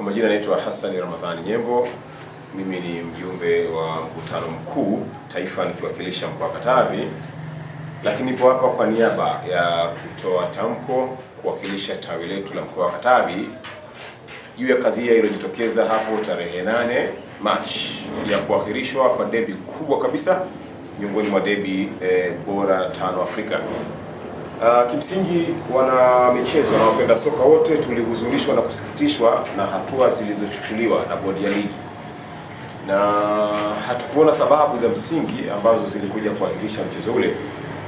Kwa majina naitwa Hassan Ramadhani Nyembo, mimi ni mjumbe wa mkutano mkuu taifa nikiwakilisha mkoa wa Katavi, lakini nipo hapa kwa niaba ya kutoa tamko kuwakilisha tawi letu la mkoa wa Katavi juu ya kadhia iliyojitokeza hapo tarehe 8 Machi ya kuahirishwa kwa debi kubwa kabisa miongoni mwa debi e, bora tano Afrika. Uh, kimsingi wana michezo na wapenda soka wote tulihuzunishwa na kusikitishwa na hatua zilizochukuliwa na bodi ya ligi, na hatukuona sababu za msingi ambazo zilikuja kuahirisha mchezo ule,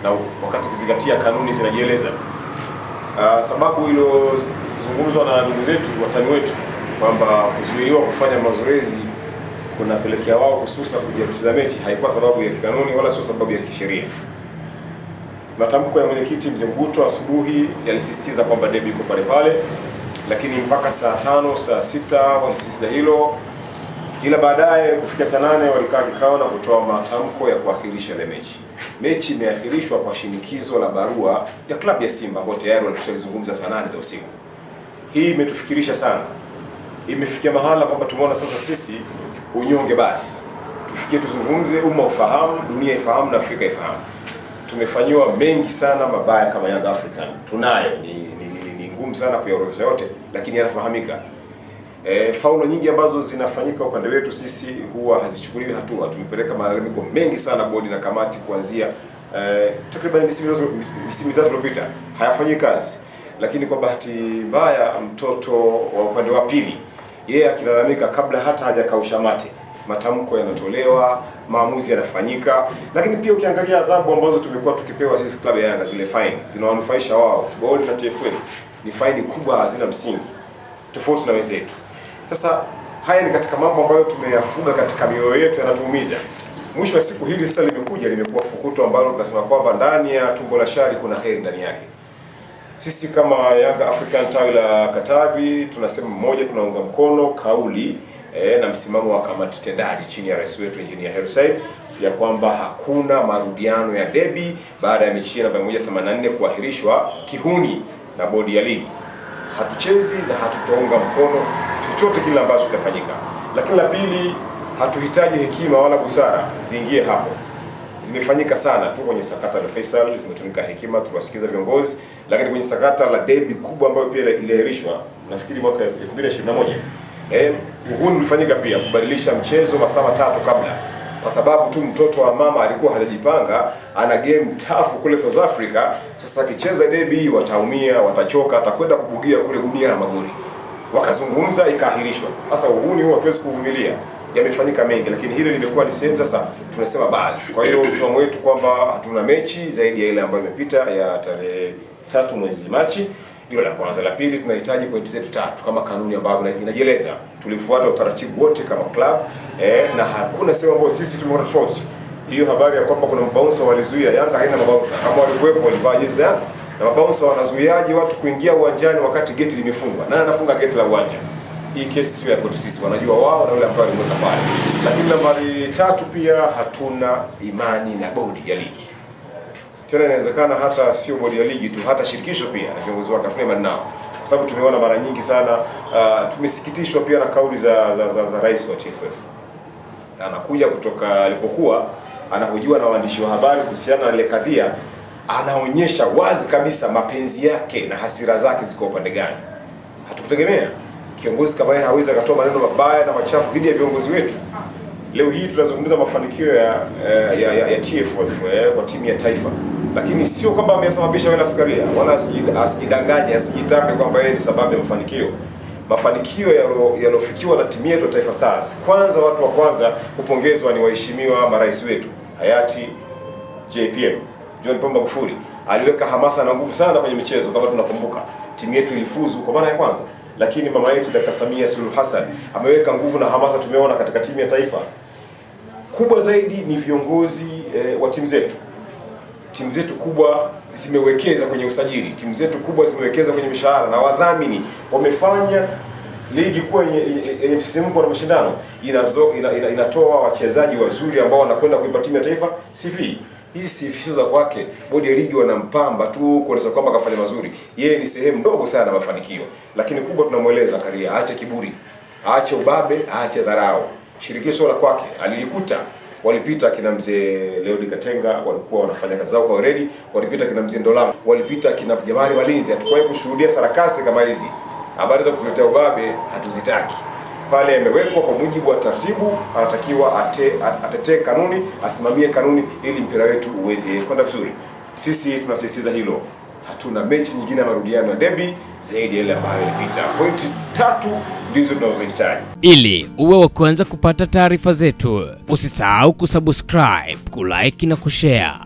na wakati ukizingatia kanuni zinajieleza. Uh, sababu iliyozungumzwa na ndugu zetu, watani wetu, kwamba kuzuiliwa kufanya mazoezi kunapelekea wao kususa kuja kucheza mechi haikuwa sababu ya kikanuni wala sio sababu ya kisheria. Matamko ya mwenyekiti Mzee Mbuto asubuhi yalisisitiza kwamba debi iko pale pale, lakini mpaka saa tano saa sita walisisitiza hilo, ila baadaye kufikia saa nane walikaa kikao na kutoa matamko ya kuahirisha ile mechi. Mechi imeahirishwa kwa shinikizo la barua ya klabu ya Simba ambayo tayari walishalizungumza saa nane za usiku. Hii imetufikirisha sana, imefikia mahala kwamba tumeona sasa sisi unyonge, basi tufikie, tuzungumze, umma ufahamu, dunia ifahamu na Afrika ifahamu tumefanyiwa mengi sana mabaya kama Young African, tunayo ni, ni, ni, ni ngumu sana kuyaorodhesha yote, lakini yanafahamika. E, faulo nyingi ambazo zinafanyika upande wetu sisi huwa hazichukuliwi hatua. Tumepeleka malalamiko mengi sana bodi na kamati kuanzia e, takriban misimu mitatu iliyopita, hayafanyi kazi. Lakini kwa bahati mbaya mtoto wa upande wa pili yeye yeah, akilalamika kabla hata hajakausha mate matamko yanatolewa, maamuzi yanafanyika. Lakini pia ukiangalia adhabu ambazo tumekuwa tukipewa sisi klabu ya Yanga, zile fine zinawanufaisha wao, bodi na TFF, ni fine kubwa, hazina msingi, tofauti na wenzetu. Sasa haya ni katika mambo ambayo tumeyafuga katika mioyo yetu, yanatuumiza. Mwisho wa siku hili sasa limekuja, limekuwa fukuto ambalo tunasema kwamba ndani ya tumbo la shari kuna heri ndani yake. Sisi kama Yanga African tawi la Katavi tunasema mmoja, tunaunga mkono kauli e, na msimamo wa kamati tendaji chini ya rais wetu Engineer Hersi ya kwamba hakuna marudiano ya debi baada ya mechi namba 184 kuahirishwa kihuni na bodi ya ligi. Hatuchezi na hatutaunga mkono chochote kile ambacho kitafanyika. Lakini la pili, hatuhitaji hekima wala busara ziingie hapo. Zimefanyika sana tu kwenye sakata la Faisal, zimetumika hekima, tuwasikiza viongozi, lakini kwenye sakata la debi kubwa ambayo pia iliahirishwa nafikiri mwaka 2021 Eh, uhuni ulifanyika pia kubadilisha mchezo masaa matatu kabla, kwa sababu tu mtoto wa mama alikuwa hajajipanga, ana game tafu kule South Africa. Sasa akicheza debi wataumia, watachoka, atakwenda kubugia kule gunia na magori. Wakazungumza, ikaahirishwa. Sasa uhuni huo hatuwezi kuvumilia. Yamefanyika mengi, lakini hili limekuwa ni sehemu sasa tunasema basi. Kwa hiyo msimamo wetu kwamba hatuna mechi zaidi ya ile ambayo imepita ya tarehe tatu mwezi Machi ndio la kwanza. La pili, tunahitaji pointi zetu tatu kama kanuni ambavyo inajieleza. Tulifuata utaratibu wote kama club eh, na hakuna sehemu ambayo sisi tumeona tofauti. Hiyo habari ya kwamba kuna mabounsa walizuia, Yanga haina mabounsa. Kama walikuwepo walivaa jezi ya na mabounsa wanazuiaje watu kuingia uwanjani wakati geti limefungwa? Nani anafunga geti la uwanja? Hii kesi sio ya kwetu sisi, wanajua wao na yule ambaye alimweka pale. Lakini nambari tatu, pia hatuna imani na bodi ya ligi tena inawezekana hata sio bodi ya ligi tu, hata shirikisho pia na viongozi wake tunaimani nao, kwa sababu tumeona mara nyingi sana. Uh, tumesikitishwa pia na kauli za, za, za, za rais wa TFF anakuja kutoka alipokuwa anahojiwa na waandishi wa habari kuhusiana na ile kadhia, anaonyesha wazi kabisa mapenzi yake na hasira zake ziko upande gani. Hatukutegemea kiongozi kama yeye hawezi akatoa maneno mabaya na machafu dhidi ya viongozi wetu leo hii tunazungumza mafanikio ya, eh, ya, ya, ya TFF ya, eh, kwa timu ya taifa, lakini sio kwamba amesababisha wala askaria wala asidanganye, asijitambe kwamba yeye ni sababu ya mafanikio mafanikio yaliyofikiwa na timu yetu ya Taifa Stars. Kwanza, watu wa kwanza kupongezwa ni waheshimiwa marais wetu hayati JPM John Pombe Magufuli, aliweka hamasa na nguvu sana kwenye michezo. Kama tunakumbuka timu yetu ilifuzu kwa mara ya kwanza, lakini mama yetu Dr. Samia Suluhu Hassan ameweka nguvu na hamasa, tumeona katika timu ya taifa kubwa zaidi ni viongozi e, wa timu zetu. Timu zetu kubwa zimewekeza kwenye usajili, timu zetu kubwa zimewekeza kwenye mishahara na wadhamini wamefanya ligi kuwa yenye msisimko na mashindano inazo, ina, ina, inatoa wachezaji wazuri ambao wanakwenda kuipa timu ya taifa CV. Hizi CV sio za kwake, bodi ya ligi wanampamba tu kuonesha kwamba kafanya mazuri. Yeye ni sehemu ndogo sana ya mafanikio, lakini kubwa tunamweleza Karia aache kiburi, aache ubabe, aache dharau shirikisho la kwake alilikuta walipita kina mzee Leodi Katenga walikuwa wanafanya kazi zao kwa weledi, walipita kina mzee Ndola, walipita kina Jamari Walinzi. Hatukuwahi kushuhudia sarakasi kama hizi. Habari za kutuletea ubabe hatuzitaki. Pale amewekwa kwa mujibu wa taratibu, anatakiwa ate, atetee kanuni, asimamie kanuni ili mpira wetu uweze kwenda vizuri. Sisi tunasisitiza hilo hatuna mechi nyingine ya marudiano ya debi zaidi ya ile ambayo ilipita. Pointi tatu ndizo tunazohitaji ili uwe wa kuanza kupata taarifa zetu. Usisahau kusubscribe, kulike na kushare.